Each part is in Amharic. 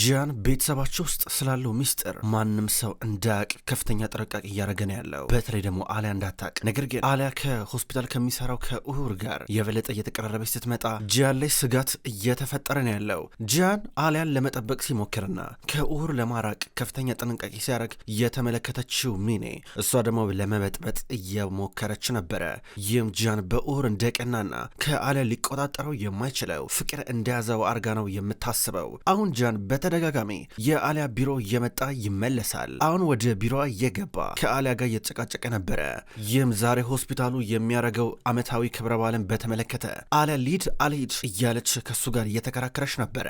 ጂያን ቤተሰባቸው ውስጥ ስላለው ሚስጥር ማንም ሰው እንዳያቅ ከፍተኛ ጥንቃቄ እያደረገ ነው ያለው። በተለይ ደግሞ አሊያ እንዳታቅ። ነገር ግን አሊያ ከሆስፒታል ከሚሰራው ከኡሁር ጋር የበለጠ እየተቀራረበች ስትመጣ ጂያን ላይ ስጋት እየተፈጠረ ነው ያለው። ጂያን አሊያን ለመጠበቅ ሲሞክርና ከኡሁር ለማራቅ ከፍተኛ ጥንቃቄ ሲያደርግ የተመለከተችው ሚኔ፣ እሷ ደግሞ ለመበጥበጥ እየሞከረች ነበረ። ይህም ጂያን በኡሁር እንደቀናና ከአሊያ ሊቆጣጠረው የማይችለው ፍቅር እንደያዘው አርጋ ነው የምታስበው። አሁን ጂያን በተደጋጋሚ የአሊያ ቢሮ እየመጣ ይመለሳል። አሁን ወደ ቢሮዋ እየገባ ከአሊያ ጋር እየተጨቃጨቀ ነበረ። ይህም ዛሬ ሆስፒታሉ የሚያደርገው ዓመታዊ ክብረ በዓልን በተመለከተ አሊያ ሊድ አልሂድ እያለች ከሱ ጋር እየተከራከረች ነበረ።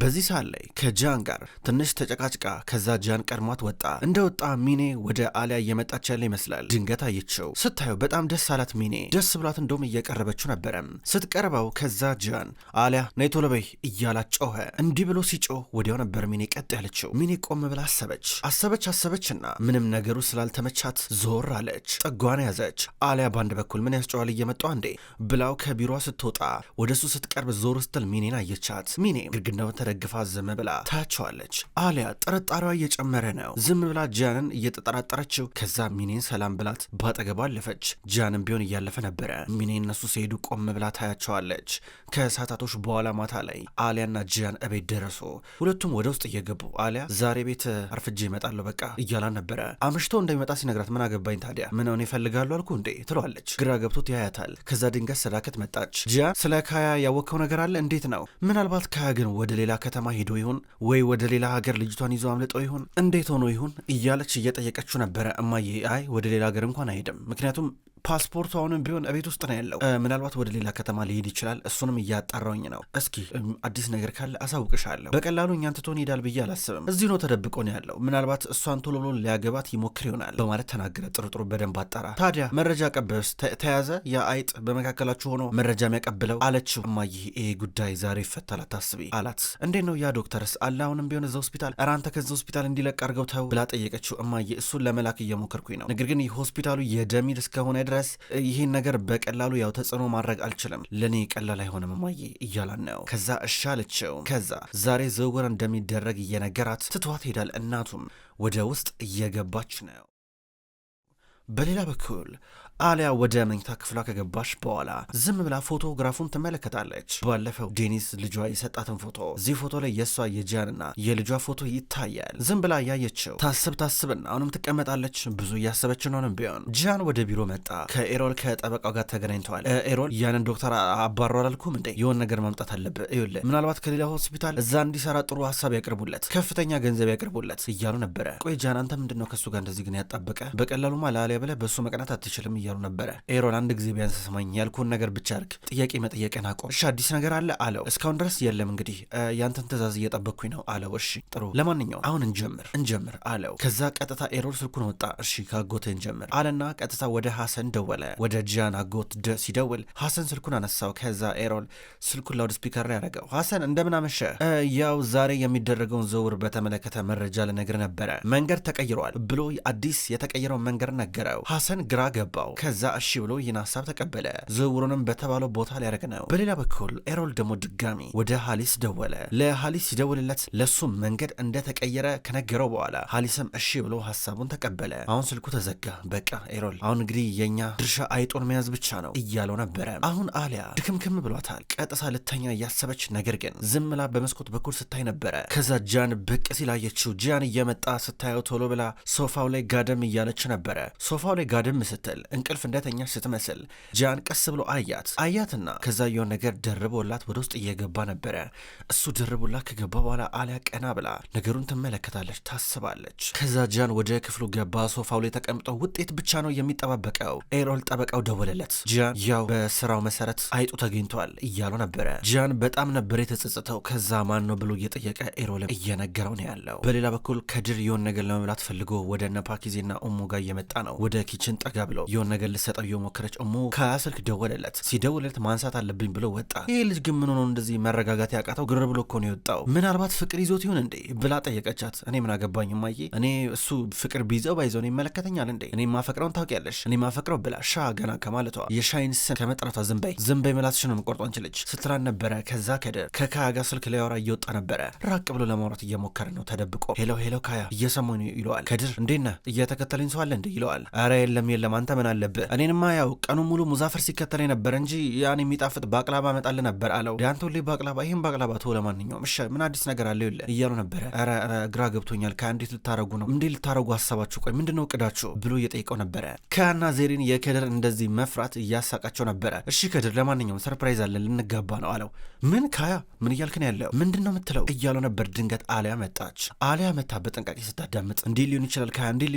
በዚህ ሰዓት ላይ ከጃን ጋር ትንሽ ተጨቃጭቃ ከዛ ጃን ቀድሟት ወጣ። እንደወጣ ሚኔ ወደ አሊያ እየመጣች ያለ ይመስላል። ድንገት አየችው። ስታየው በጣም ደስ አላት። ሚኔ ደስ ብሏት እንደውም እየቀረበችው ነበረ። ስትቀርበው ከዛ ጃን አሊያ ነይ ቶሎ በይ እያላት ጮኸ። እንዲህ ብሎ ሲጮህ ወደ ወዲያው ነበር ሚኔ ቀጥ ያለችው። ሚኔ ቆም ብላ አሰበች አሰበች አሰበችና ምንም ነገሩ ስላልተመቻት ዞር አለች። ጠጓን ያዘች። አሊያ በአንድ በኩል ምን ያስጨዋል እየመጣው አንዴ ብላው ከቢሮዋ ስትወጣ ወደ እሱ ስትቀርብ ዞር ስትል ሚኔን አየቻት። ሚኔ ግድግዳውን ተደግፋ ዝም ብላ ታያቸዋለች። አሊያ ጥርጣሬዋ እየጨመረ ነው። ዝም ብላ ጃንን እየተጠራጠረችው፣ ከዛ ሚኔን ሰላም ብላት ባጠገቧ አለፈች። ጃንም ቢሆን እያለፈ ነበረ። ሚኔ እነሱ ሲሄዱ ቆም ብላ ታያቸዋለች። ከሰዓታቶች በኋላ ማታ ላይ አሊያና ጃን እቤት ደረሱ። ሁለቱም ወደ ውስጥ እየገቡ አሊያ ዛሬ ቤት አርፍጄ ይመጣለሁ በቃ እያላን ነበረ። አምሽቶ እንደሚመጣ ሲነግራት ምን አገባኝ ታዲያ ምነውን ይፈልጋሉ አልኩ እንዴ ትለዋለች። ግራ ገብቶት ያያታል። ከዛ ድንገት ሰዳከት መጣች። ጂያ ስለ ካያ ያወቅከው ነገር አለ እንዴት ነው? ምናልባት ካያ ግን ወደ ሌላ ከተማ ሄዶ ይሆን ወይ ወደ ሌላ ሀገር ልጅቷን ይዞ አምልጦ ይሆን እንዴት ሆኖ ይሆን እያለች እየጠየቀችው ነበረ። እማዬ አይ ወደ ሌላ ሀገር እንኳን አይሄድም ምክንያቱም ፓስፖርቱ አሁንም ቢሆን ቤት ውስጥ ነው ያለው። ምናልባት ወደ ሌላ ከተማ ሊሄድ ይችላል። እሱንም እያጣራውኝ ነው። እስኪ አዲስ ነገር ካለ አሳውቅሻለሁ። በቀላሉ እኛን ትቶን ይሄዳል ብዬ አላስብም። እዚሁ ነው ተደብቆ ነው ያለው። ምናልባት እሷን ቶሎ ብሎ ሊያገባት ይሞክር ይሆናል በማለት ተናገረ። ጥሩ በደንብ አጣራ። ታዲያ መረጃ ቀበስ ተያዘ። ያ አይጥ በመካከላችሁ ሆኖ መረጃ የሚያቀብለው አለችው። እማዬ ይሄ ጉዳይ ዛሬ ይፈታል አታስቢ አላት። እንዴት ነው ያ ዶክተርስ አለ? አሁንም ቢሆን እዛ ሆስፒታል ራንተ ከዛ ሆስፒታል እንዲለቅ አድርገው ተው ብላ ጠየቀችው። እማዬ እሱን ለመላክ እየሞከርኩኝ ነው፣ ነገር ግን ሆስፒታሉ የደሚል እስከሆነ ድረስ ይህን ነገር በቀላሉ ያው ተጽዕኖ ማድረግ አልችልም፣ ለእኔ ቀላል አይሆንም እማዬ እያላን ነው። ከዛ እሺ አለችው። ከዛ ዛሬ ዝውውር እንደሚደረግ እየነገራት ትቷት ሄዳል። እናቱም ወደ ውስጥ እየገባች ነው። በሌላ በኩል አሊያ ወደ መኝታ ክፍሏ ከገባች በኋላ ዝም ብላ ፎቶግራፉን ትመለከታለች። ባለፈው ዴኒስ ልጇ የሰጣትን ፎቶ እዚህ ፎቶ ላይ የእሷ የጃንና የልጇ ፎቶ ይታያል። ዝም ብላ ያየችው ታስብ ታስብና አሁንም ትቀመጣለች። ብዙ እያሰበች ነውንም ቢሆን ጃን ወደ ቢሮ መጣ። ከኤሮል ከጠበቃው ጋር ተገናኝተዋል። ኤሮል ያንን ዶክተር አባሮ አላልኩም እንዴ የሆን ነገር ማምጣት አለብህ ይለ ምናልባት ከሌላ ሆስፒታል እዛ እንዲሰራ ጥሩ ሀሳብ ያቅርቡለት፣ ከፍተኛ ገንዘብ ያቅርቡለት እያሉ ነበረ። ቆይ ጃን አንተ ምንድነው ከእሱ ጋር እንደዚህ ግን ያጣበቀ በቀላሉማ ለአሊያ ብለህ በእሱ መቅናት አትችልም እያ እያሉ ነበረ። ኤሮን አንድ ጊዜ ቢያንስ ስማኝ፣ ያልኩን ነገር ብቻ አድርግ፣ ጥያቄ መጠየቅን አቆም። እሺ አዲስ ነገር አለ አለው። እስካሁን ድረስ የለም፣ እንግዲህ ያንተን ትእዛዝ እየጠበቅኩኝ ነው አለው። እሺ ጥሩ፣ ለማንኛውም አሁን እንጀምር እንጀምር አለው። ከዛ ቀጥታ ኤሮን ስልኩን ወጣ። እሺ ከአጎትህ እንጀምር አለና ቀጥታ ወደ ሐሰን ደወለ። ወደ ጃን አጎት ሲደውል ሐሰን ስልኩን አነሳው። ከዛ ኤሮን ስልኩን ላውድ ስፒከር ላይ ያደረገው። ሐሰን እንደምን አመሸ። ያው ዛሬ የሚደረገውን ዝውውር በተመለከተ መረጃ ልነግርህ ነበረ መንገድ ተቀይሯል ብሎ አዲስ የተቀየረውን መንገድ ነገረው። ሐሰን ግራ ገባው። ከዛ እሺ ብሎ ይህን ሀሳብ ተቀበለ። ዝውውሩንም በተባለው ቦታ ሊያደርግ ነው። በሌላ በኩል ኤሮል ደግሞ ድጋሚ ወደ ሀሊስ ደወለ። ለሀሊስ ሲደውልለት ለሱ መንገድ እንደተቀየረ ከነገረው በኋላ ሀሊስም እሺ ብሎ ሀሳቡን ተቀበለ። አሁን ስልኩ ተዘጋ። በቃ ኤሮል አሁን እንግዲህ የኛ ድርሻ አይጦን መያዝ ብቻ ነው እያለው ነበረ። አሁን አሊያ ድክምክም ብሏታል። ቀጥሳ ልተኛ እያሰበች ነገር ግን ዝምላ በመስኮት በኩል ስታይ ነበረ። ከዛ ጃን ብቅ ሲል አየችው። ጃን እየመጣ ስታየው ቶሎ ብላ ሶፋው ላይ ጋደም እያለች ነበረ። ሶፋው ላይ ጋደም ስትል እንቅልፍ እንደተኛች ስትመስል ጃን ቀስ ብሎ አያት አያትና ከዛ የሆነ ነገር ደርቦላት ወደ ውስጥ እየገባ ነበረ። እሱ ደርቦላት ከገባ በኋላ አሊያ ቀና ብላ ነገሩን ትመለከታለች፣ ታስባለች። ከዛ ጃን ወደ ክፍሉ ገባ። ሶፋው ላይ ተቀምጦ ውጤት ብቻ ነው የሚጠባበቀው። ኤሮል ጠበቃው ደወለለት። ጃን ያው በስራው መሰረት አይጡ ተገኝቷል እያሉ ነበረ። ጃን በጣም ነበር የተጸጸተው። ከዛ ማን ነው ብሎ እየጠየቀ ኤሮልም እየነገረው ነው ያለው። በሌላ በኩል ከድር የሆን ነገር ለመብላት ፈልጎ ወደ ነፓኪዜና ኦሞ ጋር እየመጣ ነው። ወደ ኪችን ጠጋ ብሎ የሆነ ነገር ልሰጠው እየሞከረች እሞ ከስልክ ደወለለት። ሲደውለለት ማንሳት አለብኝ ብሎ ወጣ። ይህ ልጅ ግን ምን ሆኖ እንደዚህ መረጋጋት ያቃተው? ግር ብሎ እኮ ነው የወጣው። ምናልባት ፍቅር ይዞት ይሆን እንዴ ብላ ጠየቀቻት። እኔ ምን አገባኝ ማዬ፣ እኔ እሱ ፍቅር ቢይዘው ባይዘው እኔ ይመለከተኛል እንዴ? እኔ ማፈቅረውን ታውቂያለሽ። እኔ ማፈቅረው ብላ ሻ ገና ከማለቷ የሻይን ስም ከመጥራቷ ዝንበይ ዝንበይ ዝም በይ መላስሽ ነው የምቆርጧ አንችለች ስትላን ነበረ። ከዛ ከደር ከካያ ጋር ስልክ ሊያወራ እየወጣ ነበረ። ራቅ ብሎ ለማውራት እየሞከረ ነው ተደብቆ። ሄሎ ሄሎ፣ ካያ እየሰሙ ይለዋል። ከድር እንዴት ነህ? እየተከተለኝ ሰው አለ እንዴ ይለዋል። አረ የለም የለም፣ አንተ ምን አለ አለብህ። እኔንማ ያው ቀኑ ሙሉ ሙዛፈር ሲከተል ነበር እንጂ ያን የሚጣፍጥ ባቅላባ መጣል ነበር አለው። ዳንተ ሁሌ ባቅላባ፣ ይህም ባቅላባ ቶ ለማንኛውም እሺ፣ ምን አዲስ ነገር አለ ይለ እያሉ ነበረ። ኧረ ግራ ገብቶኛል። ከእንዴት ልታረጉ ነው? እንዴት ልታረጉ ሀሳባችሁ? ቆይ ምንድነው ነው እቅዳችሁ? ብሎ እየጠየቀው ነበረ። ከና ዜሪን የከድር እንደዚህ መፍራት እያሳቃቸው ነበረ። እሺ ከድር፣ ለማንኛውም ሰርፕራይዝ አለን፣ ልንጋባ ነው አለው። ምን ካያ፣ ምን እያልክ ነው ያለው? ምንድን ነው የምትለው? እያሉ ነበር። ድንገት አሊያ መጣች። አሊያ መታ በጥንቃቄ ስታዳምጥ እንዲህ ሊሆን ይችላል፣ ካያ እንዲህ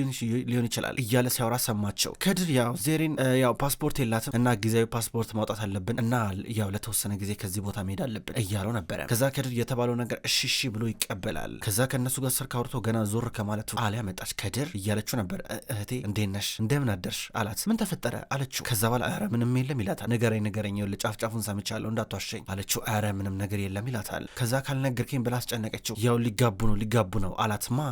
ሊሆን ይችላል እያለ ሲያወራ ሰማቸው። ከድር ያው ነው። ያው ፓስፖርት የላትም እና ጊዜያዊ ፓስፖርት ማውጣት አለብን እና ያው ለተወሰነ ጊዜ ከዚህ ቦታ መሄድ አለብን እያለው ነበረ። ከዛ ከድር የተባለው ነገር እሺ ብሎ ይቀበላል። ከዛ ከእነሱ ጋር ስልክ አውርቶ ገና ዞር ከማለቱ አሊያ መጣች። ከድር እያለችው ነበር። እህቴ እንዴት ነሽ? እንደምን አደርሽ አላት። ምን ተፈጠረ አለችው። ከዛ በኋላ ኧረ ምንም የለም ይላታል። ንገረኝ ንገረኝ፣ ይኸውልህ ጫፍጫፉን ጫፉን ሰምቻለሁ እንዳቷሸኝ አለችው። አረ ምንም ነገር የለም ይላታል። ከዛ ካልነገርከኝ ብላ አስጨነቀችው። ያው ሊጋቡ ነው ሊጋቡ ነው አላት። ማ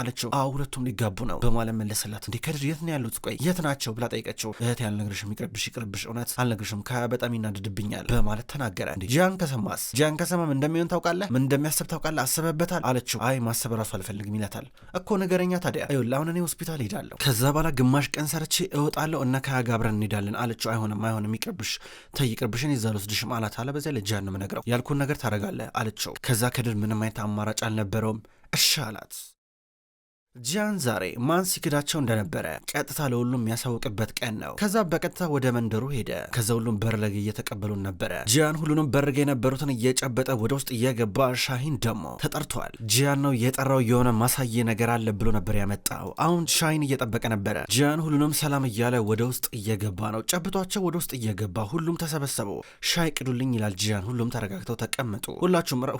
አለችው። አዎ ሁለቱም ሊጋቡ ነው በማለት መለሰላት። እንዴ ከድር የት ነው ያሉት? ቆይ የት ናቸው? ብላ ጠይቀችው። እህት አልነግርሽም፣ ይቅርብሽ ይቅርብሽ፣ እውነት አልነግርሽም፣ ከበጣም ይናድድብኛል በማለት ተናገረ። እንዴ ጂያን ከሰማስ? ጂያን ከሰማም እንደሚሆን ታውቃለህ፣ ምን እንደሚያስብ ታውቃለህ፣ አስበበታል አለችው። አይ ማሰብ ራሱ አልፈልግም ይለታል። እኮ ነገረኛ። ታዲያ ይኸውልህ አሁን እኔ ሆስፒታል ሄዳለሁ፣ ከዛ በኋላ ግማሽ ቀን ሰርቼ እወጣለሁ እና ከያ ጋር አብረን እንሄዳለን አለችው። አይሆንም አይሆንም፣ ይቅርብሽ፣ ተይ ይቅርብሽ፣ እኔ እዛ ልወስድሽም አላት አለ። በዚያ ላይ ጂያን ነው የምነግረው፣ ያልኩህን ነገር ታደርጋለህ አለችው። ከዛ ከድር ምንም አይነት አማራጭ አልነበረውም። እሺ አላት። ጂያን ዛሬ ማን ሲክዳቸው እንደነበረ ቀጥታ ለሁሉም የሚያሳውቅበት ቀን ነው። ከዛ በቀጥታ ወደ መንደሩ ሄደ። ከዛ ሁሉም ላይ እየተቀበሉን ነበረ። ጂያን ሁሉንም በርግ የነበሩትን እየጨበጠ ወደ ውስጥ እየገባ ሻሂን ደግሞ ተጠርቷል። ጂያን ነው የጠራው። የሆነ ማሳየ ነገር አለ ብሎ ነበር ያመጣው። አሁን ሻሂን እየጠበቀ ነበረ። ጂያን ሁሉንም ሰላም እያለ ወደ ውስጥ እየገባ ነው። ጨብቷቸው ወደ ውስጥ እየገባ ሁሉም ተሰበሰቡ። ሻይ ቅዱልኝ ይላል ጂያን። ሁሉም ተረጋግተው ተቀመጡ።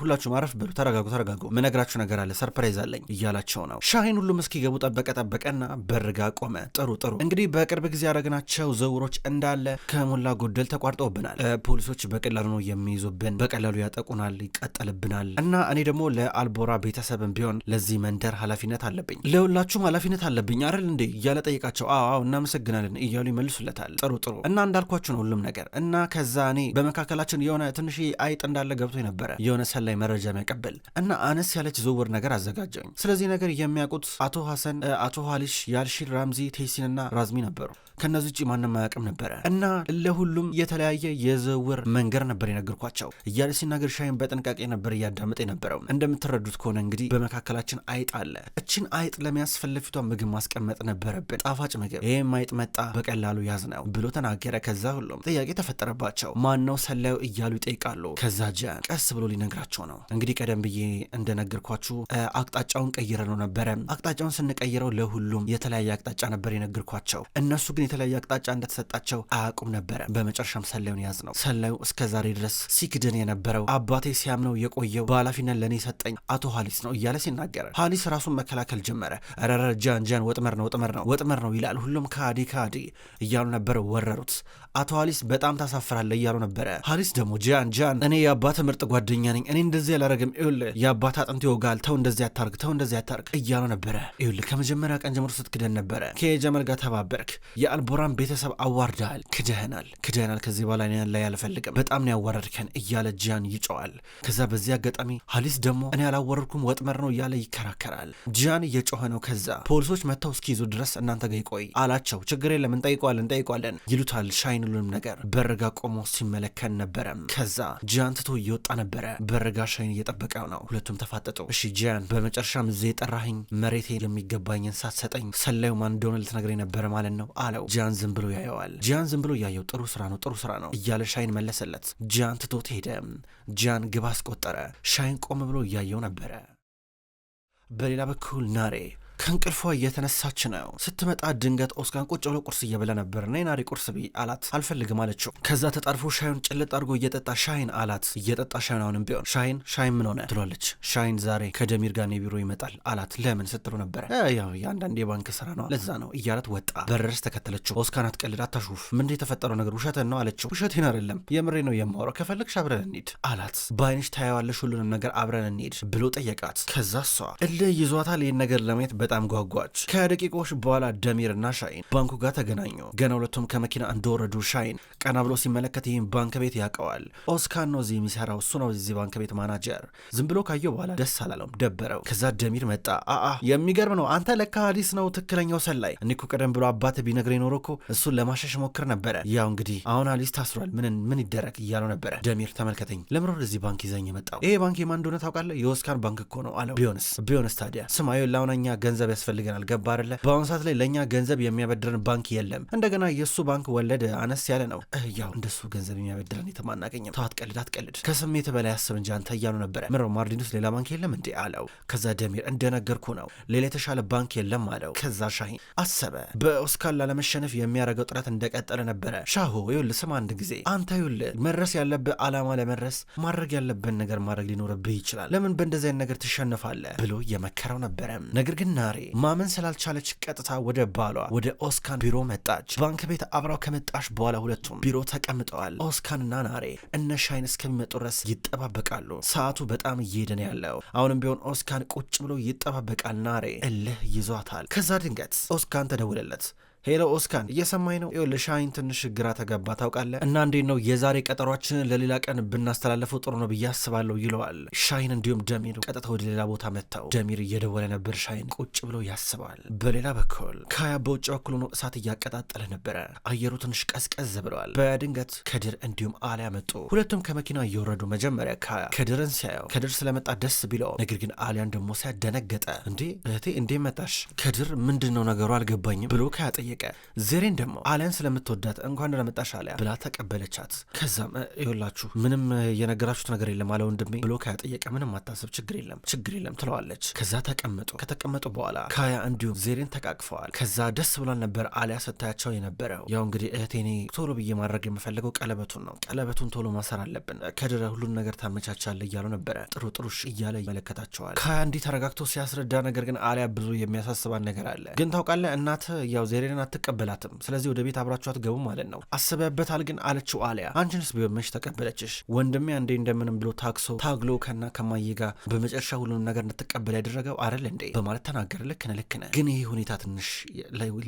ሁላችሁም አረፍ በሉ፣ ተረጋጉ፣ ተረጋጉ፣ ምነግራችሁ ነገር አለ፣ ሰርፕራይዝ አለኝ እያላቸው ነው ሻሂን ሁሉም እስኪገቡ ጠበቀ ጠበቀና በርጋ ቆመ። ጥሩ ጥሩ እንግዲህ በቅርብ ጊዜ ያደረግናቸው ዝውውሮች እንዳለ ከሞላ ጎደል ተቋርጠውብናል። ፖሊሶች በቀላሉ ነው የሚይዙብን፣ በቀላሉ ያጠቁናል፣ ይቀጠልብናል እና እኔ ደግሞ ለአልቦራ ቤተሰብም ቢሆን ለዚህ መንደር ኃላፊነት አለብኝ፣ ለሁላችሁም ኃላፊነት አለብኝ አይደል እንዴ እያለ ጠይቃቸው። አዎ አዎ፣ እናመሰግናለን እያሉ ይመልሱለታል። ጥሩ ጥሩ እና እንዳልኳችሁ ነው ሁሉም ነገር እና ከዛ እኔ በመካከላችን የሆነ ትንሽ አይጥ እንዳለ ገብቶ ነበረ የሆነ ሰላይ መረጃ የሚያቀብል እና አነስ ያለች ዝውውር ነገር አዘጋጀኝ። ስለዚህ ነገር የሚያውቁት አቶ ሀሰን፣ አቶ ሀሊሽ፣ ያልሺል፣ ራምዚ፣ ቴሲንና ራዝሚ ነበሩ። ከእነዚህ ውጭ ማንም አያውቅም ነበረ እና ለሁሉም የተለያየ የዝውውር መንገድ ነበር የነገርኳቸው እያለ ሲናገር ሻይን በጥንቃቄ ነበር እያዳመጠ ነበረው። እንደምትረዱት ከሆነ እንግዲህ በመካከላችን አይጥ አለ። እችን አይጥ ለሚያስፈለፊቷ ምግብ ማስቀመጥ ነበረብን፣ ጣፋጭ ምግብ። ይህም አይጥ መጣ፣ በቀላሉ ያዝ ነው ብሎ ተናገረ። ከዛ ሁሉም ጥያቄ ተፈጠረባቸው። ማነው ሰላዩ እያሉ ይጠይቃሉ። ከዛ ጃን ቀስ ብሎ ሊነግራቸው ነው። እንግዲህ ቀደም ብዬ እንደነገርኳችሁ አቅጣጫውን ቀይረ ነው ነበረ አቅጣጫውን ስንቀይረው ለሁሉም የተለያየ አቅጣጫ ነበር የነገርኳቸው። እነሱ ግን የተለያየ አቅጣጫ እንደተሰጣቸው አያውቁም ነበረ። በመጨረሻም ሰላዩን ያዝ ነው። ሰላዩ እስከ ዛሬ ድረስ ሲክድን የነበረው አባቴ ሲያምነው የቆየው በኃላፊነት ለእኔ ሰጠኝ አቶ ሀሊስ ነው እያለ ሲናገረ፣ ሀሊስ ራሱን መከላከል ጀመረ። ረረ ጃንጃን ወጥመር ነው ወጥመር ነው ወጥመር ነው ይላል። ሁሉም ከአዲ ከአዲ እያሉ ነበረ ወረሩት። አቶ ሀሊስ በጣም ታሳፍራለ እያሉ ነበረ። አሊስ ደግሞ ጃን ጃን፣ እኔ የአባት ምርጥ ጓደኛ ነኝ፣ እኔ እንደዚህ አላረግም፣ ይውል የአባት አጥንት ይወጋል፣ ተው እንደዚህ አታርግ፣ ተው እንደዚህ አታርግ እያሉ ነበረ። ይውል ከመጀመሪያ ቀን ጀምሮ ስትክደን ነበረ። ከየጀመል ጋር ተባበርክ፣ የአልቦራን ቤተሰብ አዋርዳል፣ ክደህናል፣ ክደህናል። ከዚህ በኋላ እኔ ላይ አልፈልግም፣ በጣም ነው ያዋረድከን እያለ ጃን ይጮዋል። ከዛ በዚህ አጋጣሚ ሀሊስ ደግሞ እኔ አላወረድኩም፣ ወጥመር ነው እያለ ይከራከራል። ጃን እየጮኸ ነው። ከዛ ፖሊሶች መጥተው እስኪይዙ ድረስ እናንተ ገይቆይ ይቆይ አላቸው። ችግር የለም እንጠይቀዋለን፣ እንጠይቀዋለን ይሉታል ሻይን ሁሉንም ነገር በረጋ ቆሞ ሲመለከት ነበረም። ከዛ ጂያን ትቶ እየወጣ ነበረ። በረጋ ሻይን እየጠበቀው ነው። ሁለቱም ተፋጠጡ። እሺ ጂያን፣ በመጨረሻም እዚህ የጠራኸኝ መሬቴ ለሚገባኝን ሳትሰጠኝ ሰላዩ ማን እንደሆነ ልትነግረኝ ነበረ ማለት ነው አለው። ጂያን ዝም ብሎ ያየዋል። ጂያን ዝም ብሎ ያየው ጥሩ ስራ ነው ጥሩ ስራ ነው እያለ ሻይን መለሰለት። ጂያን ትቶት ሄደ። ጂያን ግብ አስቆጠረ። ሻይን ቆም ብሎ እያየው ነበረ። በሌላ በኩል ናሬ ከእንቅልፏ እየተነሳች ነው። ስትመጣ ድንገት ኦስካን ቁጭ ብሎ ቁርስ እየበለ ነበር እና የናሪ ቁርስ ብይ አላት። አልፈልግም አለችው። ከዛ ተጣርፎ ሻዩን ጭልጥ አድርጎ እየጠጣ ሻይን አላት። እየጠጣ ሻይን አሁንም ቢሆን ሻይን ሻይን ምን ሆነ ትሏለች። ሻይን ዛሬ ከደሚር ጋር ቢሮ ይመጣል አላት። ለምን ስትሉ ነበረ። ያው የአንዳንድ የባንክ ስራ ነው ለዛ ነው እያላት ወጣ። በረረስ ተከተለችው። ኦስካን አትቀልድ፣ አታሹፍ። ምንድ የተፈጠረው ነገር ውሸትን ነው አለችው። ውሸቴን አይደለም የምሬ ነው የማወራው። ከፈለግሽ አብረን እንሂድ አላት። በአይንሽ ታየዋለሽ ሁሉንም ነገር አብረን እንሂድ ብሎ ጠየቃት። ከዛ እሷ እልህ ይዟታል ይህን ነገር ለማየት በጣም በጣም ጓጓች። ከደቂቆች በኋላ ደሚርና ሻይን ባንኩ ጋር ተገናኙ። ገና ሁለቱም ከመኪና እንደወረዱ ሻይን ቀና ብሎ ሲመለከት ይህም ባንክ ቤት ያውቀዋል። ኦስካን ነው እዚህ የሚሰራው፣ እሱ ነው እዚህ ባንክ ቤት ማናጀር። ዝም ብሎ ካየው በኋላ ደስ አላለውም፣ ደበረው። ከዛ ደሚር መጣ። አአ የሚገርም ነው አንተ ለካ አዲስ ነው ትክክለኛው ሰላይ። እኔ ቀደም ብሎ አባት ቢነግረኝ ኖሮ እኮ እሱን ለማሸሽ ሞክር ነበረ። ያው እንግዲህ አሁን አሊስ ታስሯል፣ ምን ምን ይደረግ እያለው ነበረ። ደሚር ተመልከተኝ፣ ለምሮ ወደዚህ ባንክ ይዘኝ የመጣው? ይሄ ባንክ የማን እንደሆነ ታውቃለህ? የኦስካን ባንክ እኮ ነው አለው። ቢሆንስ ቢሆንስ ታዲያ ስማ፣ ይኸውልህ አሁን ገንዘብ ያስፈልገናል። ገባ አይደለ? በአሁኑ ሰዓት ላይ ለእኛ ገንዘብ የሚያበድረን ባንክ የለም። እንደገና የእሱ ባንክ ወለድ አነስ ያለ ነው። ያው እንደሱ ገንዘብ የሚያበድረን የተማ አናገኝም። ተው አትቀልድ፣ አትቀልድ ከስሜት በላይ አስብ እንጂ አንተ እያሉ ነበረ። ምሮ ማርዲኑስ ሌላ ባንክ የለም እንዴ አለው። ከዛ ደሚር እንደነገርኩ ነው ሌላ የተሻለ ባንክ የለም አለው። ከዛ ሻሂን አሰበ። በኦስካር ላለመሸነፍ የሚያደርገው ጥረት እንደቀጠለ ነበረ። ሻሆ ይኸውልህ፣ ስም አንድ ጊዜ አንተ ይኸውልህ፣ መድረስ ያለብህ አላማ ለመድረስ ማድረግ ያለብን ነገር ማድረግ ሊኖርብህ ይችላል። ለምን በእንደዚህ አይነት ነገር ትሸንፋለህ ብሎ እየመከረው ነበረ። ነገር ግን ናሬ ማመን ስላልቻለች ቀጥታ ወደ ባሏ ወደ ኦስካን ቢሮ መጣች። ባንክ ቤት አብራው ከመጣች በኋላ ሁለቱም ቢሮ ተቀምጠዋል። ኦስካንና ናሬ እነ ሻይን እስከሚመጡ ድረስ ይጠባበቃሉ። ሰዓቱ በጣም እየሄደ ነው ያለው። አሁንም ቢሆን ኦስካን ቁጭ ብሎ ይጠባበቃል። ናሬ እልህ ይዟታል። ከዛ ድንገት ኦስካን ተደውለለት ሄሎ ኦስካን እየሰማኝ ነው? ለሻይን ትንሽ ግራ ተገባ ታውቃለህ። እና እንዴት ነው የዛሬ ቀጠሯችንን ለሌላ ቀን ብናስተላለፈው ጥሩ ነው ብዬ አስባለሁ ይለዋል። ሻይን እንዲሁም ደሚር ቀጥታ ወደ ሌላ ቦታ መጥተው ደሚር እየደወለ ነበር። ሻይን ቁጭ ብሎ ያስባል። በሌላ በኩል ካያ በውጭ በኩል ሆኖ እሳት እያቀጣጠለ ነበረ። አየሩ ትንሽ ቀዝቀዝ ብለዋል። በድንገት ከድር እንዲሁም አሊያ መጡ። ሁለቱም ከመኪና እየወረዱ መጀመሪያ ካያ ከድርን ሲያየው ከድር ስለመጣ ደስ ቢለው፣ ነገር ግን አሊያን ደግሞ ሲያደነገጠ እንዴ እህቴ እንዴ መጣሽ ከድር ምንድን ነው ነገሩ አልገባኝም ብሎ ካያ ጠየቀ። ጠየቀ። ዜሬን ደግሞ አሊያን ስለምትወዳት እንኳን ለመጣሽ አሊያ ብላ ተቀበለቻት። ከዛም ይኸውላችሁ ምንም የነገራችሁት ነገር የለም አለ ወንድሜ ብሎ ካያ ጠየቀ። ምንም አታስብ፣ ችግር የለም ችግር የለም ትለዋለች። ከዛ ተቀመጡ። ከተቀመጡ በኋላ ካያ እንዲሁም ዜሬን ተቃቅፈዋል። ከዛ ደስ ብሏል ነበር አሊያ ስታያቸው የነበረው። ያው እንግዲህ እህቴኔ ቶሎ ብዬ ማድረግ የምፈልገው ቀለበቱን ነው። ቀለበቱን ቶሎ ማሰር አለብን። ከድረ ሁሉን ነገር ታመቻቻለ እያሉ ነበረ። ጥሩ ጥሩሽ እያለ ይመለከታቸዋል። ካያ እንዲህ ተረጋግቶ ሲያስረዳ፣ ነገር ግን አሊያ ብዙ የሚያሳስባን ነገር አለ። ግን ታውቃለህ እናት ያው ዜሬን አትቀበላትም። ስለዚህ ወደ ቤት አብራችሁ አትገቡ ማለት ነው። አስበበታል ግን አለችው አሊያ። አንቺንስ ቢመሽ ተቀበለችሽ። ወንድሜ አንዴ እንደምንም ብሎ ታክሶ ታግሎ ከና ከማዬ ጋር በመጨረሻ ሁሉንም ነገር እንድትቀበል ያደረገው አረል እንዴ በማለት ተናገረ። ልክ ነህ ልክ ነህ፣ ግን ይህ ሁኔታ ትንሽ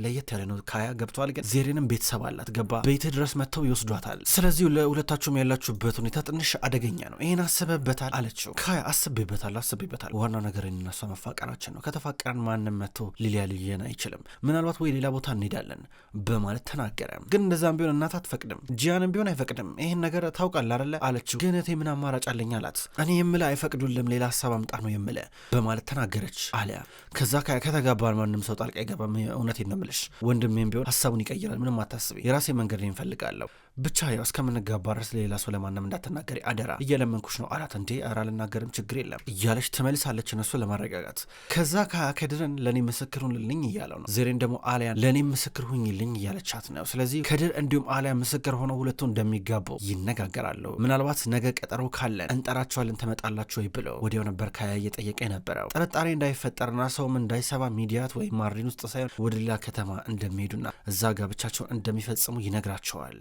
ለየት ያለ ነው። ካያ ገብቷል። ግን ዜሬንም ቤተሰብ አላት። ገባ ቤት ድረስ መጥተው ይወስዷታል። ስለዚህ ለሁለታችሁም ያላችሁበት ሁኔታ ትንሽ አደገኛ ነው። ይህን አስበበታል አለችው ካያ። አስቤበታል አስቤበታል። ዋናው ነገር እኔና እሷ መፋቀራችን ነው። ከተፋቀረን ማንም መጥቶ ሊሊያ አይችልም። ምናልባት ወይ ሌላ ቦታ እንሄዳለን በማለት ተናገረ። ግን እንደዛም ቢሆን እናት አትፈቅድም፣ ጂያንም ቢሆን አይፈቅድም። ይህን ነገር ታውቃል አለ አለችው። ግን እቴ ምን አማራጭ አለኝ አላት። እኔ የምለ አይፈቅዱልም፣ ሌላ ሀሳብ አምጣ ነው የምለ በማለት ተናገረች አለ። ከዛ ከተጋባን ማንም ሰው ጣልቃ አይገባም። እውነቴን ነው የምልሽ፣ ወንድሜም ቢሆን ሀሳቡን ይቀይራል። ምንም አታስቢ፣ የራሴ መንገድ እንፈልጋለሁ ብቻ ያው እስከምንጋባ ድረስ ለሌላ ሰው ለማንም እንዳትናገሪ አደራ እየለመንኩሽ ነው አላት። እንዴ ኧረ አልናገርም ችግር የለም እያለች ትመልሳለች እነሱ ለማረጋጋት። ከዛ ከድርን ለእኔ ምስክሩን ልልኝ እያለው ነው። ዜሬን ደግሞ አሊያን ለእኔ ምስክር ሁኝልኝ እያለቻት ነው። ስለዚህ ከድር እንዲሁም አሊያ ምስክር ሆነው ሁለቱ እንደሚጋቡ ይነጋገራሉ። ምናልባት ነገ ቀጠሮ ካለን እንጠራቸዋለን ትመጣላችሁ ወይ ብለው ወዲያው ነበር ካያ እየጠየቀ የነበረው። ጥርጣሬ እንዳይፈጠርና ሰውም እንዳይሰባ ሚዲያት ወይም ማሪን ውስጥ ሳይሆን ወደ ሌላ ከተማ እንደሚሄዱና እዛ ጋብቻቸውን እንደሚፈጽሙ ይነግራቸዋል።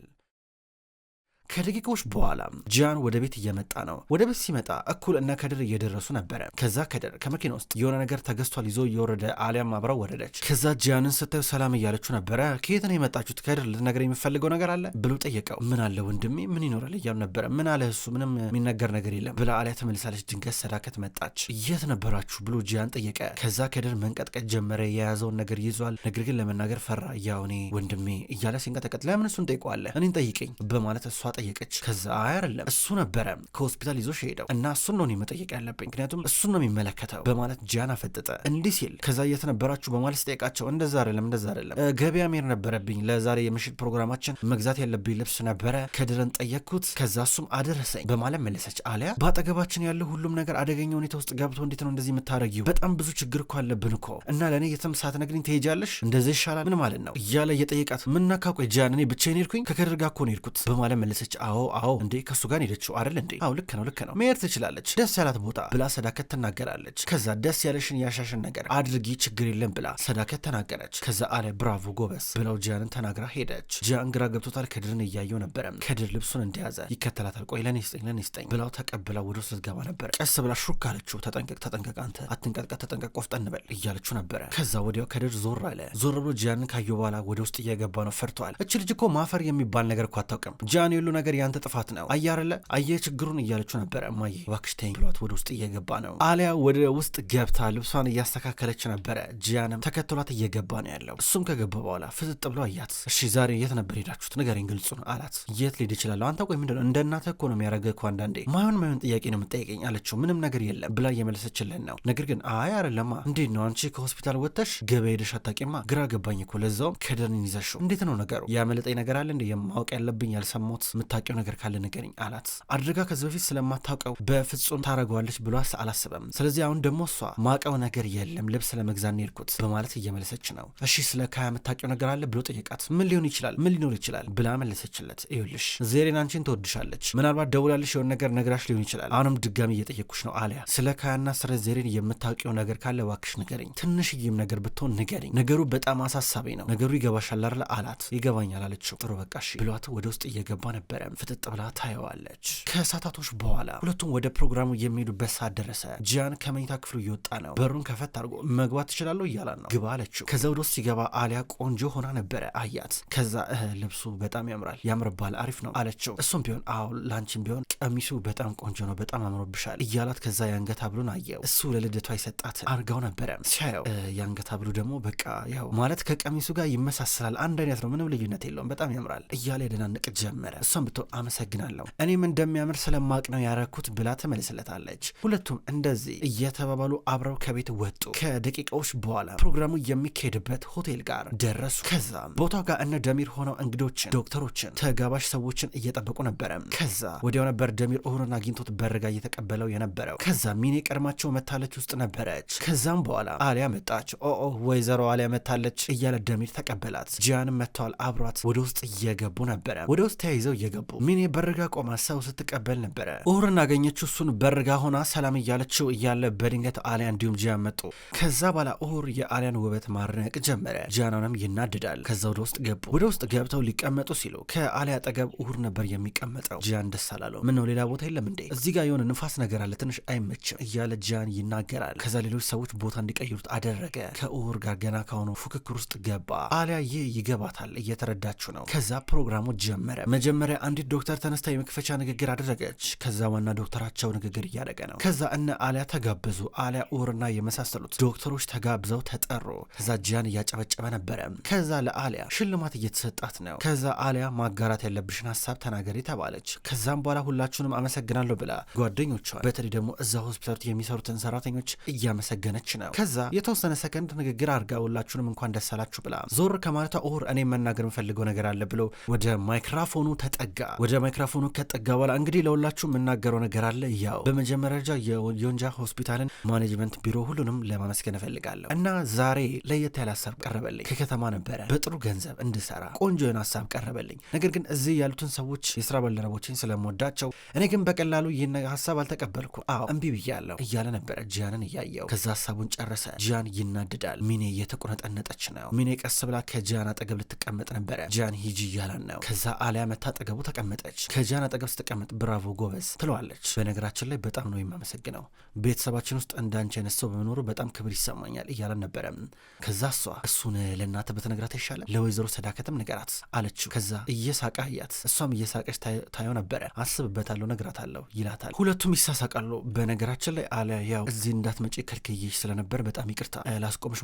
ከደቂቃዎች በኋላ ጂያን ወደ ቤት እየመጣ ነው። ወደ ቤት ሲመጣ እኩል እነ ከድር እየደረሱ ነበረ። ከዛ ከድር ከመኪና ውስጥ የሆነ ነገር ተገዝቷል ይዞ እየወረደ አሊያም አብራው ወረደች። ከዛ ጂያንን ስታዩ ሰላም እያለችው ነበረ። ከየት ነው የመጣችሁት? ከድር ልትነገር የሚፈልገው ነገር አለ ብሎ ጠየቀው። ምን አለ ወንድሜ፣ ምን ይኖራል እያሉ ነበረ። ምን አለ እሱ፣ ምንም የሚነገር ነገር የለም ብላ አሊያ ተመልሳለች። ድንገት ሰዳከት መጣች። የት ነበራችሁ ብሎ ጂያን ጠየቀ። ከዛ ከድር መንቀጥቀጥ ጀመረ። የያዘውን ነገር ይዟል፣ ነገር ግን ለመናገር ፈራ። ያው እኔ ወንድሜ እያለ ሲንቀጠቀጥ፣ ለምን እሱን ጠይቀዋለ እኔን ጠይቀኝ በማለት እሷ ጠየቀች። ከዛ አይ አይደለም እሱ ነበረ ከሆስፒታል ይዞ ሄደው እና እሱን ነው እኔ መጠየቅ ያለብኝ ምክንያቱም እሱን ነው የሚመለከተው በማለት ጃን አፈጠጠ። እንዲህ ሲል ከዛ እየተነበራችሁ በማለት ስጠይቃቸው እንደዛ አይደለም እንደዛ አይደለም ገበያ መሄድ ነበረብኝ ለዛሬ የምሽት ፕሮግራማችን መግዛት ያለብኝ ልብስ ነበረ ከድረን ጠየቅኩት ከዛ እሱም አደረሰኝ በማለት መለሰች። አሊያ በአጠገባችን ያለው ሁሉም ነገር አደገኛ ሁኔታ ውስጥ ገብቶ እንዴት ነው እንደዚህ የምታደረጊው በጣም ብዙ ችግር እኮ አለብን እኮ እና ለእኔ የትም ሳትነግሪኝ ትሄጃለሽ እንደዚህ ይሻላል ምን ማለት ነው እያለ የጠየቃት ምናካቆ ጃን እኔ ብቻዬን ሄድኩኝ ከከድር ጋር እኮ ነው የሄድኩት በማለት መለሰች። ሄዳለች። አዎ አዎ፣ እንዴ ከሱ ጋር ሄደችው አይደል እንዴ? አዎ ልክ ነው ልክ ነው፣ መሄድ ትችላለች፣ ደስ ያላት ቦታ ብላ ሰዳከት ትናገራለች። ከዛ ደስ ያለሽን ያሻሽን ነገር አድርጊ ችግር የለም ብላ ሰዳከት ተናገረች። ከዛ አለ ብራቮ ጎበስ ብለው ጂያንን ተናግራ ሄደች። ጂያን ግራ ገብቶታል። ከድርን እያየው ነበረ። ከድር ልብሱን እንደያዘ ይከተላታል። ቆይ ለኔ ይስጠኝ ለን ይስጠኝ ብላው ተቀብላ ወደ ውስጥ ገባ ነበረ። ቀስ ብላ ሹክ አለችው። ተጠንቀቅ ተጠንቀቅ፣ አንተ አትንቀጥቀጥ፣ ተጠንቀቅ፣ ቆፍጠን በል እያለችው ነበረ። ከዛ ወዲያው ከድር ዞር አለ። ዞር ብሎ ጂያንን ካየው በኋላ ወደ ውስጥ እየገባ ነው። ፈርተዋል። እች ልጅ እኮ ማፈር የሚባል ነገር እኮ አታውቅም። ጂያን የሉ ነገር ያንተ ጥፋት ነው አያርለ አየ ችግሩን እያለችው ነበረ። እማዬ እባክሽ ተይኝ ብሏት ወደ ውስጥ እየገባ ነው። አሊያ ወደ ውስጥ ገብታ ልብሷን እያስተካከለች ነበረ። ጂያንም ተከትሏት እየገባ ነው ያለው። እሱም ከገባ በኋላ ፍጥጥ ብሎ አያት። እሺ ዛሬ የት ነበር ሄዳችሁት? ንገረኝ ግልጹን አላት። የት ሊሄድ ይችላለሁ? አንተ ቆይ ምንድነው እንደ እናትህ እኮ ነው የሚያደርገህ እኮ አንዳንዴ ማይሆን ማይሆን ጥያቄ ነው የምጠይቀኝ አለችው። ምንም ነገር የለም ብላ እየመለሰችለን ነው። ነገር ግን አይ አይደለማ እንዴት ነው አንቺ ከሆስፒታል ወጥተሽ ገበያ ሄደሽ አታውቂማ? ግራ ገባኝ እኮ ለዛውም ከደርን ይዘሽው እንዴት ነው ነገሩ? ያመለጠኝ ነገር አለ እንዴ የማወቅ ያለብኝ ያልሰማሁት የምታውቂው ነገር ካለ ንገረኝ አላት። አድርጋ ከዚህ በፊት ስለማታውቀው በፍጹም ታረገዋለች ብሎ አላስበም። ስለዚህ አሁን ደግሞ እሷ ማቀው ነገር የለም ልብስ ለመግዛት ሄድኩት በማለት እየመለሰች ነው። እሺ ስለ ካያ የምታውቂው ነገር አለ ብሎ ጠየቃት። ምን ሊሆን ይችላል ምን ሊኖር ይችላል ብላ መለሰችለት። ይኸውልሽ ዜሬን አንቺን ትወድሻለች፣ ምናልባት ደውላልሽ የሆነ ነገር ነግራሽ ሊሆን ይችላል። አሁንም ድጋሚ እየጠየቅኩሽ ነው አሊያ ስለ ካያና ስለ ዜሬን የምታውቂው ነገር ካለ እባክሽ ንገረኝ፣ ትንሽዬም ነገር ብትሆን ንገረኝ። ነገሩ በጣም አሳሳቢ ነው። ነገሩ ይገባሻል አይደል አላት። ይገባኛል አለችው። ጥሩ በቃሽ ብሏት ወደ ውስጥ እየገባ ነበር። በረም ፍጥጥ ብላ ታየዋለች። ከሰዓታቶች በኋላ ሁለቱም ወደ ፕሮግራሙ የሚሄዱበት ሰዓት ደረሰ። ጂያን ከመኝታ ክፍሉ እየወጣ ነው። በሩን ከፈት አድርጎ መግባት ትችላለሁ እያላን ነው። ግባ አለችው። ከዛ ወደ ውስጥ ሲገባ አሊያ ቆንጆ ሆና ነበረ አያት። ከዛ ልብሱ በጣም ያምራል፣ ያምርባል፣ አሪፍ ነው አለችው። እሱም ቢሆን አዎ ላንቺም ቢሆን ቀሚሱ በጣም ቆንጆ ነው፣ በጣም አምሮብሻል እያላት ከዛ የአንገት ብሎን አየው። እሱ ለልደቷ ይሰጣት አርጋው ነበረ። ሲያየው የአንገታ ብሎ ደግሞ በቃ ያው ማለት ከቀሚሱ ጋር ይመሳሰላል፣ አንድ አይነት ነው፣ ምንም ልዩነት የለውም፣ በጣም ያምራል እያለ የደናንቅ ጀመረ። እሷም በጣም ብቶ አመሰግናለሁ እኔም እንደሚያምር ስለማቅ ነው ያረኩት ብላ ትመልስለታለች። ሁለቱም እንደዚህ እየተባባሉ አብረው ከቤት ወጡ። ከደቂቃዎች በኋላ ፕሮግራሙ የሚካሄድበት ሆቴል ጋር ደረሱ። ከዛም ቦታው ጋር እነ ደሚር ሆነው እንግዶችን፣ ዶክተሮችን፣ ተጋባዥ ሰዎችን እየጠበቁ ነበረ። ከዛ ወዲያው ነበር ደሚር እሁርን አግኝቶት በረጋ እየተቀበለው የነበረው። ከዛ ሚኔ ቀድማቸው መታለች ውስጥ ነበረች። ከዛም በኋላ አሊያ መጣች። ኦኦ ወይዘሮ አሊያ መታለች እያለ ደሚር ተቀበላት። ጂያንም መጥተዋል። አብሯት ወደ ውስጥ እየገቡ ነበረ። ወደ ውስጥ ተያይዘው ገቡ። ሚኔ በርጋ ቆማ ሰው ስትቀበል ነበረ። እሁርን አገኘችው። እሱን በርጋ ሆና ሰላም እያለችው እያለ በድንገት አሊያ እንዲሁም ጂያን መጡ። ከዛ በኋላ እሁር የአሊያን ውበት ማድነቅ ጀመረ። ጂያናንም ይናድዳል። ከዛ ወደ ውስጥ ገቡ። ወደ ውስጥ ገብተው ሊቀመጡ ሲሉ ከአሊያ አጠገብ እሁር ነበር የሚቀመጠው። ጂያን ደስ አላለው። ምን ነው ሌላ ቦታ የለም እንዴ? እዚህ ጋር የሆነ ንፋስ ነገር አለ ትንሽ አይመችም እያለ ጂያን ይናገራል። ከዛ ሌሎች ሰዎች ቦታ እንዲቀይሩት አደረገ። ከእሁር ጋር ገና ካሁኑ ፉክክር ውስጥ ገባ። አሊያ ይህ ይገባታል፣ እየተረዳችው ነው። ከዛ ፕሮግራሙ ጀመረ። መጀመሪያ አንዲት ዶክተር ተነስታ የመክፈቻ ንግግር አደረገች። ከዛ ዋና ዶክተራቸው ንግግር እያደረገ ነው። ከዛ እነ አሊያ ተጋበዙ። አሊያ ኡርና የመሳሰሉት ዶክተሮች ተጋብዘው ተጠሩ። ከዛ ጂያን እያጨበጨበ ነበረ። ከዛ ለአሊያ ሽልማት እየተሰጣት ነው። ከዛ አሊያ ማጋራት ያለብሽን ሀሳብ ተናገሪ ተባለች። ከዛም በኋላ ሁላችሁንም አመሰግናለሁ ብላ ጓደኞቿን በተለይ ደግሞ እዛ ሆስፒታል የሚሰሩትን ሰራተኞች እያመሰገነች ነው። ከዛ የተወሰነ ሰከንድ ንግግር አድርጋ ሁላችሁንም እንኳን ደስ አላችሁ ብላ ዞር ከማለቷ ኡር እኔ መናገር የምፈልገው ነገር አለ ብሎ ወደ ማይክራፎኑ ተጠ ጠጋ። ወደ ማይክራፎኑ ከጠጋ በኋላ እንግዲህ ለሁላችሁ የምናገረው ነገር አለ። ያው በመጀመሪያ ደረጃ የዮንጃ ሆስፒታልን ማኔጅመንት ቢሮ ሁሉንም ለማመስገን እፈልጋለሁ እና ዛሬ ለየት ያለ ሀሳብ ቀረበልኝ። ከከተማ ነበረ በጥሩ ገንዘብ እንድሰራ ቆንጆ የሆነ ሀሳብ ቀረበልኝ። ነገር ግን እዚህ ያሉትን ሰዎች የስራ ባልደረቦችን ስለምወዳቸው እኔ ግን በቀላሉ ይህን ሀሳብ አልተቀበልኩ። አዎ እምቢ ብያለሁ እያለ ነበረ ጂያንን እያየው። ከዛ ሀሳቡን ጨረሰ። ጂያን ይናድዳል። ሚኔ የተቆነጠነጠች ነው። ሚኔ ቀስ ብላ ከጂያን አጠገብ ልትቀመጥ ነበረ። ጂያን ሂጂ እያለን ነው። ከዛ አሊያ መታ አጠገቡ አጠገቡ ተቀመጠች። ከጃና አጠገብ ስትቀመጥ ብራቮ ጎበዝ ትለዋለች። በነገራችን ላይ በጣም ነው የማመሰግነው ቤተሰባችን ውስጥ እንዳንቺ አይነት ሰው በመኖሩ በጣም ክብር ይሰማኛል እያለን ነበረም ከዛ እሷ እሱን ለእናተ በተነግራት ይሻላል ለወይዘሮ ሰዳከትም ንገራት አለችው። ከዛ እየሳቀ አያት። እሷም እየሳቀች ታየው ነበረ። አስብበታለሁ ነግራታለሁ ይላታል። ሁለቱም ይሳሳቃሉ። በነገራችን ላይ አሊያ ያው እዚህ እንዳትመጪ ከልክዬሽ ስለነበር በጣም ይቅርታ ላስቆምሽ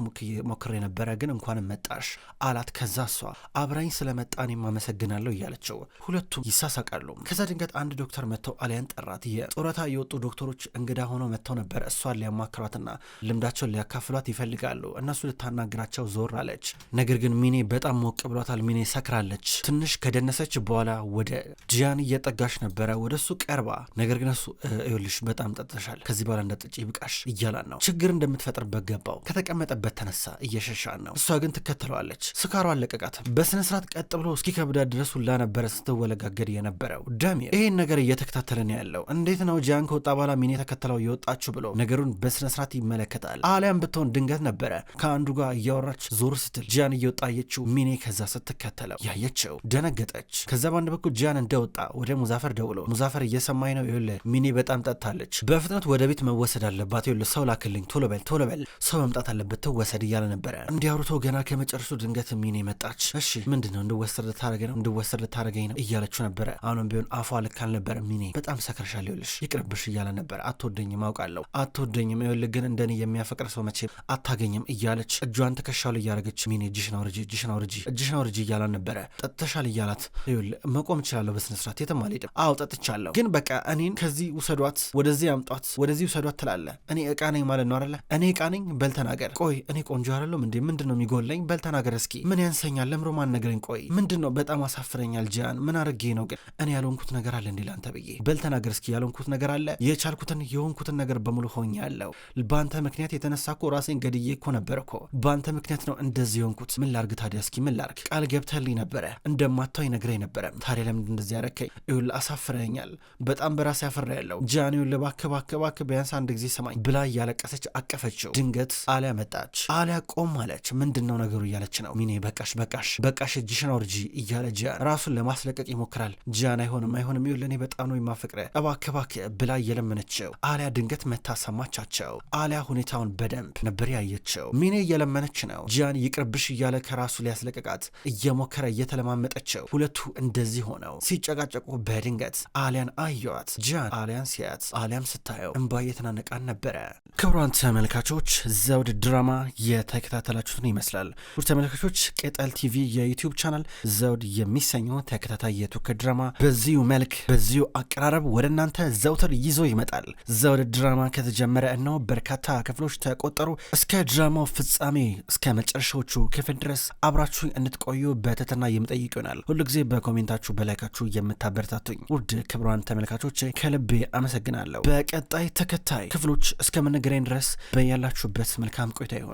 ሞክሬ ነበረ፣ ግን እንኳንም መጣሽ አላት። ከዛ እሷ አብራኝ ስለመጣ እኔም አመሰግናለሁ እያለችው ሁለቱ ይሳሳቃሉ። ከዛ ድንገት አንድ ዶክተር መጥተው አሊያን ጠራት። የጡረታ የወጡ ዶክተሮች እንግዳ ሆነው መጥተው ነበር። እሷን ሊያማክሯትና ልምዳቸውን ሊያካፍሏት ይፈልጋሉ። እነሱ ልታናግራቸው ዞር አለች። ነገር ግን ሚኔ በጣም ሞቅ ብሏታል። ሚኔ ሰክራለች። ትንሽ ከደነሰች በኋላ ወደ ጂያን እየጠጋሽ ነበረ። ወደ እሱ ቀርባ ነገር ግን እሱ ይኸውልሽ በጣም ጠጥተሻል፣ ከዚህ በኋላ እንዳጠጪ ይብቃሽ እያላን ነው። ችግር እንደምትፈጥርበት ገባው። ከተቀመጠበት ተነሳ። እየሸሻን ነው። እሷ ግን ትከተለዋለች። ስካሯ አለቀቃት። በስነ ቀጥ ብሎ እስኪከብዳ ከብዳት ድረስ ሁላ ነበረ ስትወ ሲገለጋገድ የነበረው ዳሚር ይህን ነገር እየተከታተለን ያለው እንዴት ነው ጂያን ከወጣ በኋላ ሚኔ ተከተለው የወጣችው ብሎ ነገሩን በስነስርዓት ይመለከታል። አሊያም ብትሆን ድንገት ነበረ ከአንዱ ጋር እያወራች ዞር ስትል ጂያን እየወጣ አየችው። ሚኔ ከዛ ስትከተለው ያየችው ደነገጠች። ከዛ በአንድ በኩል ጂያን እንደወጣ ወደ ሙዛፈር ደውሎ ሙዛፈር እየሰማኝ ነው ይሁል ሚኔ በጣም ጠጥታለች፣ በፍጥነት ወደ ቤት መወሰድ አለባት ይሁል ሰው ላክልኝ፣ ቶሎ በል ቶሎ በል ሰው መምጣት አለበት ትወሰድ እያለ ነበረ። እንዲያሩቶ ገና ከመጨረሱ ድንገት ሚኔ መጣች። እሺ ምንድን ነው እንድወሰድ ልታደረገ ነው እንድወሰድ ልታደረገኝ ነው እያ እያለችው ነበረ። አሁንም ቢሆን አፏ ልክ አልነበረ። ሚኔ በጣም ሰክረሻል፣ ይኸውልሽ ይቅርብሽ እያለ ነበር። አትወደኝም አውቃለሁ፣ አትወደኝም፣ ይኸውልህ ግን እንደኔ የሚያፈቅር ሰው መቼ አታገኝም እያለች እጇን ትከሻው ላይ እያደረገች ሚኔ እጅሽን አውርጂ፣ እጅሽን አውርጂ፣ እጅሽን አውርጂ እያላን ነበረ። ጠጥተሻል እያላት ይኸውልህ መቆም እችላለሁ በስነ ስርዓት የትም አልሄድም። አዎ ጠጥቻለሁ፣ ግን በቃ እኔን ከዚህ ውሰዷት፣ ወደዚህ አምጧት፣ ወደዚህ ውሰዷት ትላለ። እኔ እቃ ነኝ ማለት ነው አለ። እኔ እቃ ነኝ በል ተናገር። ቆይ እኔ ቆንጆ አይደለሁም እንዴ? ምንድን ነው የሚጎለኝ? በል ተናገር እስኪ። ምን ያንሰኛል? ለምሮ ማን ነገረኝ? ቆይ ምንድን ነው በጣም አሳፍረኛል። ጃን ምን አርጌ ነው ግን እኔ ያልሆንኩት ነገር አለ እንዲ ላንተ ብዬ በል ተናገር እስኪ ያልሆንኩት ነገር አለ የቻልኩትን የሆንኩትን ነገር በሙሉ ሆኛለሁ በአንተ ምክንያት የተነሳ እኮ ራሴን ገድዬ እኮ ነበር እኮ በአንተ ምክንያት ነው እንደዚህ የሆንኩት ምን ላርግ ታዲያ እስኪ ምን ላርግ ቃል ገብተልኝ ነበረ እንደማታው ይነግረኝ ነበረ ታዲያ ለምንድ እንደዚህ ያረከኝ ይሁል አሳፍረኛል በጣም በራሴ ያፈራ ያለው ጃኒውን ልባክህ ባክህ ባክህ ቢያንስ አንድ ጊዜ ሰማኝ ብላ እያለቀሰች አቀፈችው ድንገት አሊያ መጣች አሊያ ቆም አለች ምንድን ነው ነገሩ እያለች ነው ሚኔ በቃሽ በቃሽ በቃሽ እጅሽን አውርጂ እያለ ጃን ራሱን ለማስለቀቅ ይሞክራል። ጂያን አይሆንም አይሆንም፣ ይሁን ለእኔ በጣም ነው የማፈቅረ እባክህ እባክህ ብላ እየለመነችው፣ አሊያ ድንገት መታ ሰማቻቸው። አሊያ ሁኔታውን በደንብ ነበር ያየችው። ሚኔ እየለመነች ነው። ጃን ይቅርብሽ እያለ ከራሱ ሊያስለቀቃት እየሞከረ እየተለማመጠችው፣ ሁለቱ እንደዚህ ሆነው ሲጨቃጨቁ በድንገት አሊያን አየዋት። ጃን አሊያን ሲያት፣ አሊያም ስታየው እንባ እየተናነቃን ነበረ። ክቡራን ተመልካቾች ዘውድ ድራማ የተከታተላችሁትን ይመስላል። ተመልካቾች ቅጠል ቲቪ የዩቲዩብ ቻናል ዘውድ የሚሰኘው ተከታታይ የቱርክ ከድራማ በዚሁ መልክ በዚሁ አቀራረብ ወደ እናንተ ዘውትር ይዞ ይመጣል። ዘውድ ድራማ ከተጀመረ እነው በርካታ ክፍሎች ተቆጠሩ። እስከ ድራማው ፍጻሜ እስከ መጨረሻዎቹ ክፍል ድረስ አብራችሁ እንድትቆዩ በትህትና የምጠይቅ ይሆናል። ሁሉ ጊዜ በኮሜንታችሁ በላይካችሁ የምታበረታቱኝ ውድ ክብሯን ተመልካቾች ከልቤ አመሰግናለሁ። በቀጣይ ተከታይ ክፍሎች እስከምንገናኝ ድረስ በያላችሁበት መልካም ቆይታ ይሆን።